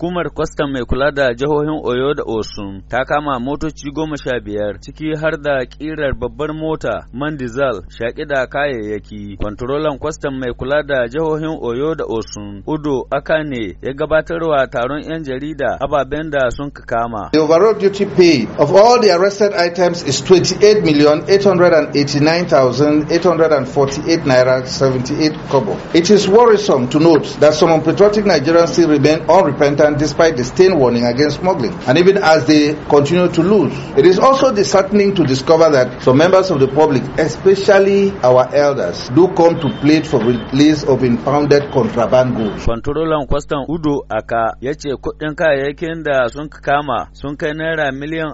Hukumar kwastam mai kula da jihohin Oyo da Osun ta kama motoci goma sha biyar ciki har da ƙirar babbar mota man dizal shaƙi da kayayyaki. Kwantarolan kwastam mai kula da jihohin Oyo da Osun Udo Akane ya gabatarwa taron 'yan jarida ababen da sun kama. The overall duty pay of all the arrested items is 28 million 889,848 naira 78 kobo. It is worrisome to note that some patriotic Nigerians still remain unrepentant despite the stern warning against smuggling, and even as they continue to lose. It is also disheartening to discover that some members of the public, especially our elders, do come to plead for release of impounded contraband goods. kwastan Udo Aka kuɗin kayayyakin da sun kama sun kai naira miliyan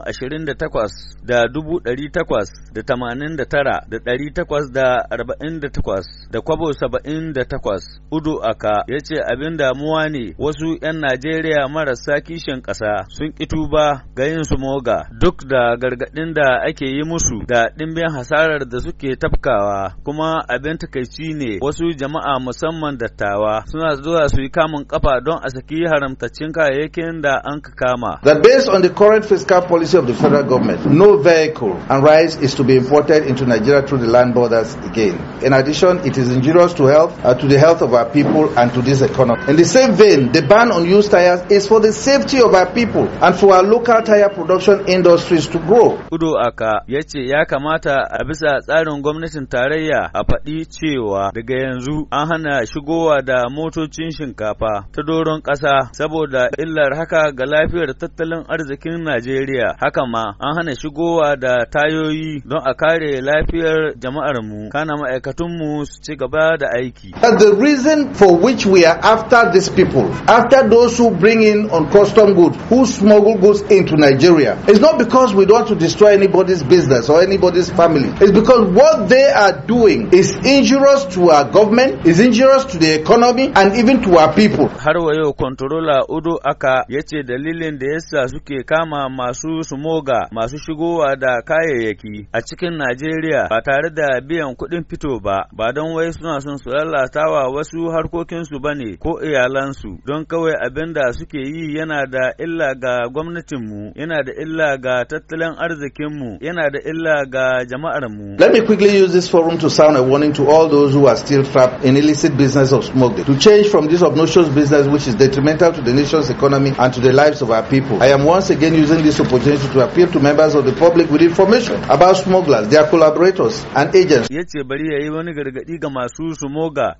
da dubu ɗari takwas da tamanin da tara da ɗari takwas da arba'in da takwas da kwabo saba'in da takwas. Udo Aka abin damuwa ne wasu 'yan Najeriya Najeriya marasa kishin ƙasa sun ƙi tuba su moga duk da gargaɗin da ake yi musu da ɗimbin hasarar da suke tafkawa kuma abin takaici ne wasu jama'a musamman dattawa suna zuwa su yi kamun don a saki haramtaccen kayayyakin da an ka kama. That based on the current fiscal policy of the federal government, no vehicle and rice is to be imported into Nigeria through the land borders again. In addition, it is injurious to health, uh, to the health of our people and to this economy. In the same vein, the ban on used tire tires is for the safety of our people and for our local tire production industries to grow. Kudu Aka ya ce ya kamata a bisa tsarin gwamnatin tarayya a faɗi cewa daga yanzu an hana shigowa da motocin shinkafa ta doron ƙasa saboda illar haka ga lafiyar tattalin arzikin Najeriya. Haka ma an hana shigowa da tayoyi don a kare lafiyar jama'armu kana ma'aikatunmu su ci gaba da aiki. That's the reason for which we are after these people, after those who bring in on custom goods, who smuggle goods into Nigeria, it's not because we don't want to destroy anybody's business or anybody's family. It's because what they are doing is injurious to our government, is injurious to the economy, and even to our people. Har wa yau controller Udo Aka ya ce dalilin da yasa suke kama masu sumoga masu shigowa da kayayyaki a cikin Najeriya ba tare da biyan kuɗin fito ba, ba don wai suna son su lalatawa wasu harkokinsu ba ne ko iyalansu don kawai abin da suke yi yana da illa ga gwamnatinmu, yana da illa ga tattalin arzikinmu, yana da illa ga jama'armu. Let me quickly use this forum to sound a warning to all those who are still trapped in illicit business of smuggling to change from this obnoxious business which is detrimental to the nation's economy and to the lives of our people. I am once again using this opportunity to appeal to members of the public with information about smugglers, their collaborators and agents. Ya ce bari ya yi wani gargaɗi ga masu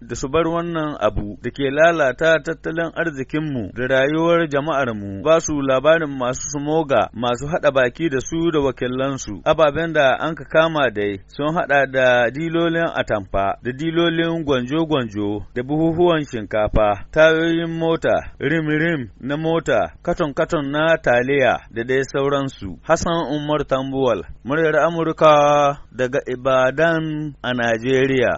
da su bar wannan abu da ke lalata tattalin arzikinmu da rayuwar jama'armu ba su labarin masu sumoga masu haɗa baki da su da wakilansu ababen da an ka kama dai sun haɗa da dilolin atamfa da dilolin gwanjo-gwanjo da buhuhuwan shinkafa tayoyin mota rim-rim na mota katon-katon na taliya da dai sauransu hassan umar tambuwal muryar amurka daga ibadan a najeriya